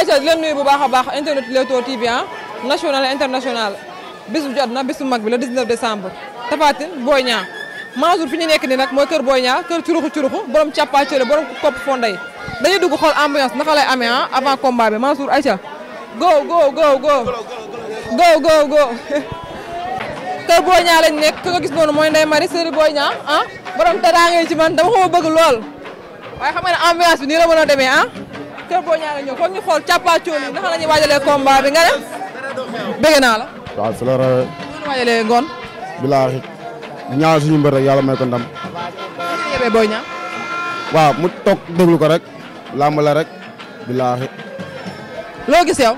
ayca di leen nuyu bu baax a baax internet Leewtoo TV ah, national international bis bu jot na bis bu mag bi le 19 décembre Tapha Tine Boy Niang Mansour fi ñu nekk ni nag mooy kër Boy Niang kër curuxu curuxu borom càppaacële borom kopp fonday dañuy dugg xool ambiance naka lay amee ah avant combat bi Mansour ayca go go go go go go go kër Boy Niang lañ nekk ka nga gis noonu mooy Ndeye Marie sëri Boy Niang ah borom teraanga yi ci man dama ko bëgg lool waaye xam nga ne ambiance bi nii la mën a demee ah Kër Boy Niang la ñëw foog ñu xool cappaatool yi naka la ñuy waajalee combat bi nga def bëgg naa la. waaw si la rek yàlla may ko ndam. waaw Boy Niang. waaw mu toog ko rek. làmb la rek. bilaahi. loo gis yow.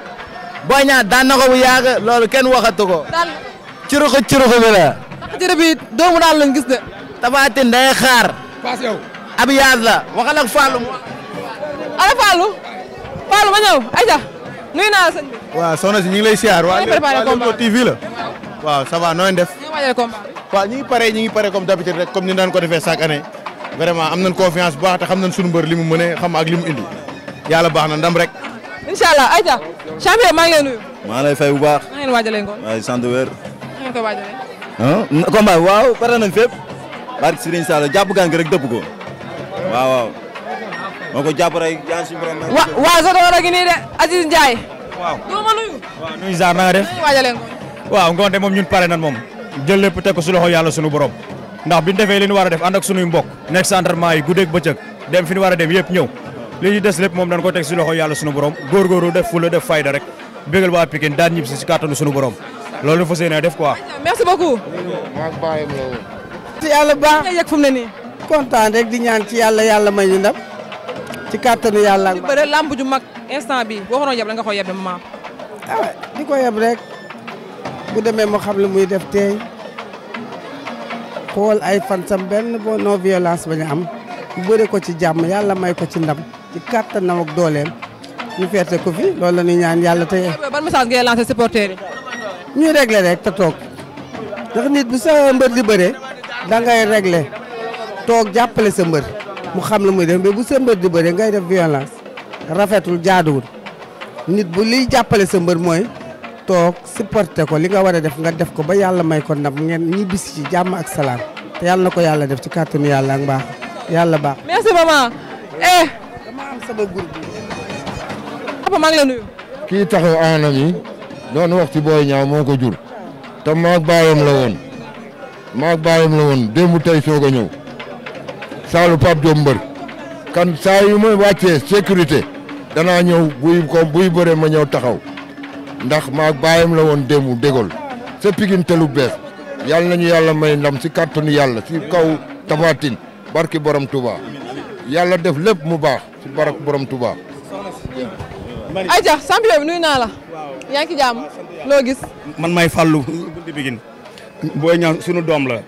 Boy Niang ko bu yàgg loolu kenn waxatu ko. daan na curuxu curuxu bi la. ndax jërëjëf bi de. Tafatin xaar. paas yow. ab yaad la ala Fallou. Fallou ma ñëw Aïcha nuyu naa la waaw soona si ñu ngi lay siyaar. waa Leewtoo TV la. waaw ça va nooy def. ñu ngi waajal combat bi. waaw ñu ngi pare ñu ngi pare comme d'habitude rek comme ni daan ko defee chaque année. vraiment am nañ confiance bu baax te xam nañ suñu mbër li mu mënee xam ak li mu indi. yàlla baax na ndam rek. incha allah Aïcha. champion maa ngi lay nuyu. maa lay fay bu baax. maa ngi leen waajalee ngoon. waaye sant wér. maa ngi koy waajalee. ah combat waaw pare nañ fépp. si Serigne Sall jàpp gàng rek dëpp ko waaw waaw moo ko jàpp rek jaan suñu wa waaw sa doole gi nii de Aziz Ndiaye. waaw doo ma nuyu. waaw nuyu Sarr na nga def. waajalee moom ñun pare nan moom. jël lépp teg ko su loxo yàlla suñu borom. ndax biñ defee li ñu war a def ànd ak suñuy mbokk. nekk sa entraînement yi guddeeg bëccëg dem fi ñu war a dem yëpp ñëw. li ñu des lépp moom dañ ko teg si loxo yàlla suñu borom góorgóorlu def fula def fayda rek bégal waa Pikine daan ñibbisi si si kàttanu suñu borom loolu la fas yéene def ko merci beaucoup. maa ngi yàlla baax. yëg fu di ñaan ci yàlla yàlla may ñu ndam ci kàttanu yàlla. li bëre làmb ju mag instant bi boo waroon yeb la nga ko yebbe maam. ah di ko yeb rek bu demee mu xam lu muy def tey xool ay fan sam benn boo non violence ba ñu am bu bëre ko ci jàmm yàlla may ko ci ndam ci kàttanam ak dooleem ñu feete ko fi loolu la ñuy ñaan yàlla tey. ban message ngay lancer supporter ñu ñuy réglé rek te toog ndax nit bu sa mbër di bëre da ngay toog jàppale sa mbër. mu xam lu muy def mais bu sa mbër di bëre ngay def violence rafetul jaaduwul nit bu li jàppale sa mbër mooy toog supporter ko li nga war a def nga def ko ba yàlla may ko ndam ngeen ñibbisi ci jàmm ak salaam te yàlla na ko yàlla def ci kàttanu yàlla ak baax yàlla baax. merci maman. Eh. maa ngi doon wax ci booy ñaaw moo ko jur. te maag baayam la woon maag baayam la woon démb tey soog saalu Pape Diop mbër kan saa yu ma wàccee sécurité danaa ñëw buy ko buy bëre ma ñëw taxaw ndax maa bàyyam la woon démb dégol sa pigin te lu bees yàlla nañu yàlla may ndam si kàttanu yàlla si kaw tafatin barki borom Touba yàlla def lépp mu baax si barak borom Touba. ayca champion bi nuyu man may fàllu di booy ñaan sunu doom la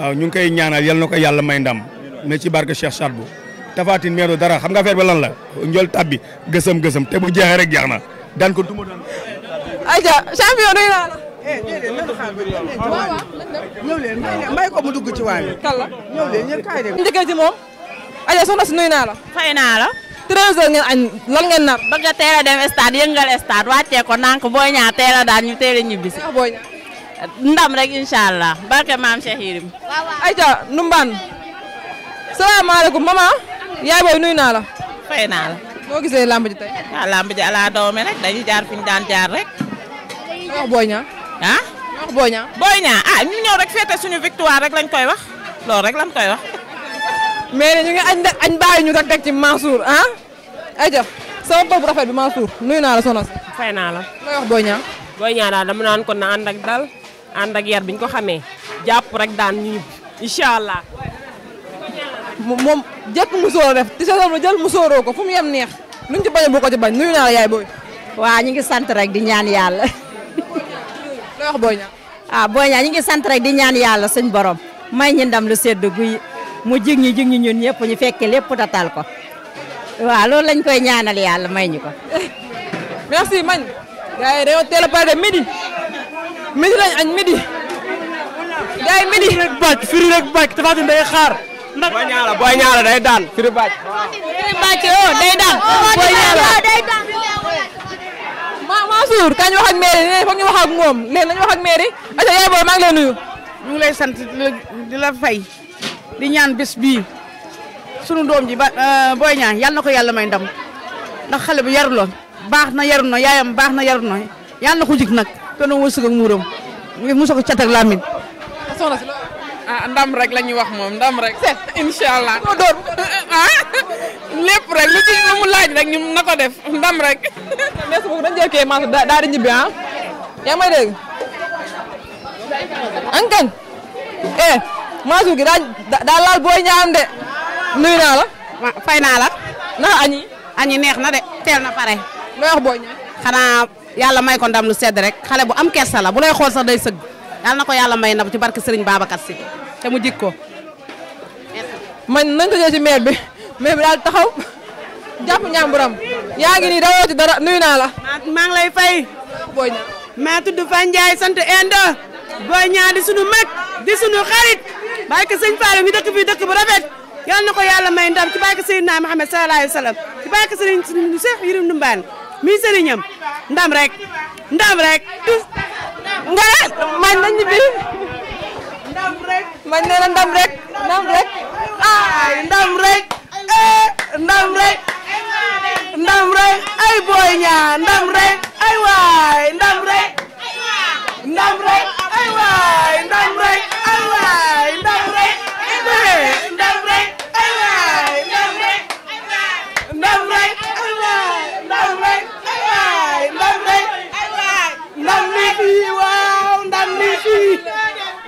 waaw ñu ngi koy ñaanal yal na ko yàlla may ndam. ne ci barke Cheikh Saad Bou Tafatin meeru dara xam nga affaire ba lan la njol tabbi gësëm gësëm te bu jeexee rek jeex na daan ko duma daan. champion nuyu naa la. Eh, ñëw leen may ko mu dugg ci waa kala ñëw leen ñëpp kaay de. njëkkee ci la. fay nar. bëgg a teel a dem stade yëngal stade wàccee ko nànk booy ñaar teel a daan ñu teel ñibbisi. Ah, ndam rek incha allah barke maam Cheikh Yirim. ayca Numbaan. salaamaaleykum maman. yaay booy nuyu naa la. fay naa la. noo gisee lamb ji tey. waaw ah, lamb ji ala doome rek ñu daan jaar rek. wax booy ñaa. ah. wax booy ñaa. booy ñaa suñu victoire rek lañ koy wax loolu rek lañ koy wax. mais ñu ngi añ de añ bàyyi ñu ah? rafet bi Mansour nuyu naa la soxna si. fay naa la. looy wax booy ñaa. booy ñaa daal dama naan ak dal ànd ak yar bi ñu ko xamee jàpp rek daan ñu incha allah. moom jëkk mu sóoroo def ti saison la ko fu mu yem neex luñ ci bañ bu ko ci bañ nuyu naa la yaay booy. waaw ñu ngi sant rek di ñaan yàlla. loo wax booy ñaan. ah ñu ngi sant rek di ñaan yàlla suñ borom may ñu ndam lu sedd guy mu jig ñi jig ñi ñun ñëpp ñu fekke lépp ko waaw lo lañ koy ñaanal yàlla may ñu ko. merci man. gars yi dañoo teel a midi midi lañ añ midi. gars midi. firi rek bàcc firi rek bàcc Boy Niang Boy Niang day daan Firi Bathie. Firi Bathie oh day daan. Oh, Boy Niang day daan. Mansour kañ wax ak mairie nee foog ñu wax ak moom léegi nañu wax ak mairie ayca yaay booy maa ngi lay nuyu. ñu ngi lay sant di la fay di ñaan bés bii sunu doom ji ba euh, Boy Niang yal na ko yàlla may ndam ndax xale bu yaru la baax na yaru na yaayam baax na yaru na yal na ko jig nag te nu wërsëg ak muuram mu ngi mos a ko cat ak làmmiñ ah ndam rek la ñuy wax moom ndam rek. incha allah ah lépp lu ci mu laaj rek ñun na ko def ndam rek. merci beaucoup dañu jël kii maas daal di ah. yaa may dégg. ankañ. eh maasu gi daa daa laal booy ñaan de. nuyu naa la. fay naa la. ndax añi. añi neex na de teel na pare. looy wax booy ñaan. xanaa yàlla may ko ndam lu sedd rek xale bu am kersa la bu lay xool sax day sëgg. yàlla na ko yàlla may nag ci barke Serigne Babacar si te mu jig ko. man nañ ko jël ci maire bi maire daal taxaw jàpp ñàmburam yaa ngi nii dawoo ci dara nuyu naa la. maa ngi lay fay. booy ñaa maa tudd Fane Ndiaye sant Inde. booy ñaa di sunu mag di sunu xarit barke sëñ Fallou ñu dëkk bi dëkk bu rafet yal na ko yàlla may ndam ci barke Seydina Muhammad sallallahu alayhi wa ci barke Serigne Cheikh Yirim Ndumbaan mi sëriñam ndam rek ndam rek. nga man na ñibbi ndam rek man nee na ndam rek ndam rek ay ndam rek eh ndam rek ndam rek ay Boy Niang ndam rek ay waay ndam rek ndam rek ay waay ndam rek fii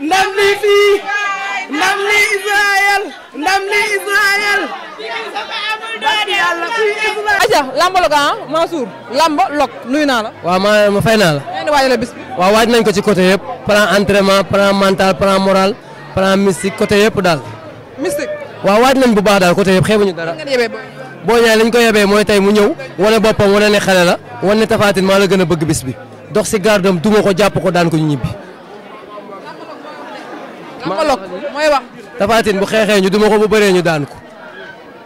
ndam li fii ndam li Israël ndam li Israël. aja lamb log ah Mansour lamb log nuyu naa la. waaw maa fay naa la. ngeen bis waaw waaj nañ ko ci côté yëpp plan entraînement plan mental plan moral plan mystique côté yëpp daal. mystique. waa waaj nañ bu baax daal côté yëpp ñu dara. boo ñaay lañ ko yebee mooy tey mu ñëw wane boppam wane ne xale la wane ne tafaatin maa la gën a bëgg bis bi dox si gardam duma ko jàpp ko daan ko ñu ñibbi. monologue mooy wax. Tapha Tine bu xeexee ñu duma ko bu bëree ñu daan ko.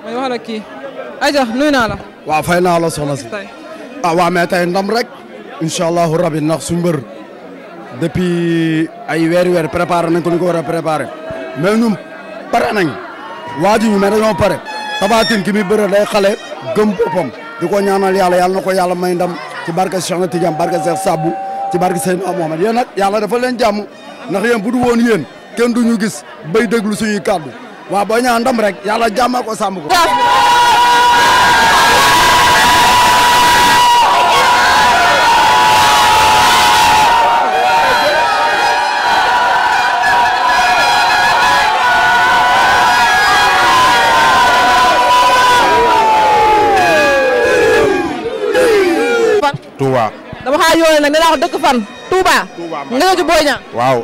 mooy wax la kii. Aja nuyu naa la. waaw fay naa si. ah waa mais tey ndam rek. incha allahu rabi ndax suñu mbër. depuis ay weer weer préparé nañ ko ni ko war a préparé. mais ñun pare nañ. waa ji ñu mais dañoo pare. Tapha Tine ki muy bëre day xale gëm boppam. di ko ñaanal yàlla yàlla na ko yàlla may ndam ci barke Cheikh na Tidiane barke Cheikh Sabou ci barke Seydina Mohamed yéen nag yàlla dafa leen jàmm ndax yéen bu du kenn du ñu gis bay déglu suñuy kàddu waaw boo ñaan ndam rek yàlla jàmma ko sàmm dama xaa yónnee nag nee naa ko dëkk fan Touba nga ñëw ci Boy waaw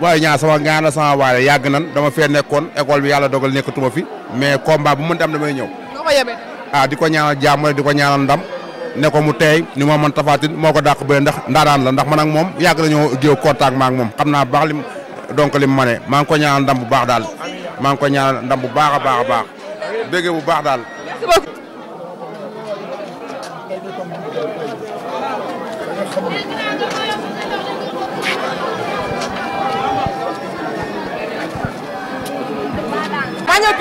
Boy Niang sama gaana sama waaye yàgg nan dama fee nekkoon école bi yàlla dogal nekkatuma fi mais combat bu mën am damay ñëw a ah, di ko ñaanal jàmm di ko ñaanal ndam ne ko mu teey ni ma man tafaatin moo ko dàq bëre ndax ndaadaan la ndax man ak moom yàgg nañoo géew contact ma ak moom xam naa baax lim donc lim ma ne maa ngi ko ñaanal ndam bu baax daal maa ngi ko ñaanal ndam bu baax a baax a baax bégge bu baax daal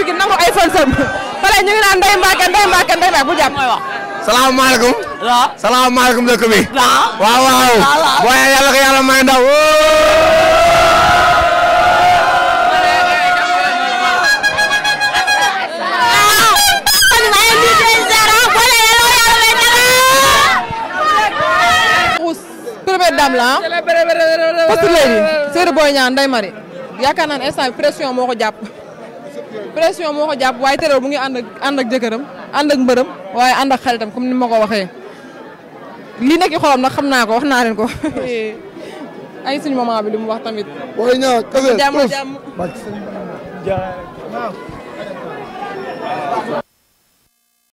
gi nangu ay fansam ba léegi ñu ngi naan Ndeye Mbacke Ndeye Mbacke Ndeye Mbacke bu jàpp. salaamaaleykum. waaw salaamaaleykum dëkk bi. waaw waaw waaw. booy yàlla ko yàlla may ndaw. dam la ah. parce que léegi Seydou Boy Niang Ndeye Marie yaakaar naa ne instant pression moo ko jàpp pression moo ko jàpp waaye terewul mu ngi ànd ak ànd ak jëkkëram ànd ak waaye ànd ak xaritam comme ni ma ko waxee lii nekk xolam nag xam naa ko wax naa leen ko. ay suñu moment bi li mu wax tamit. booy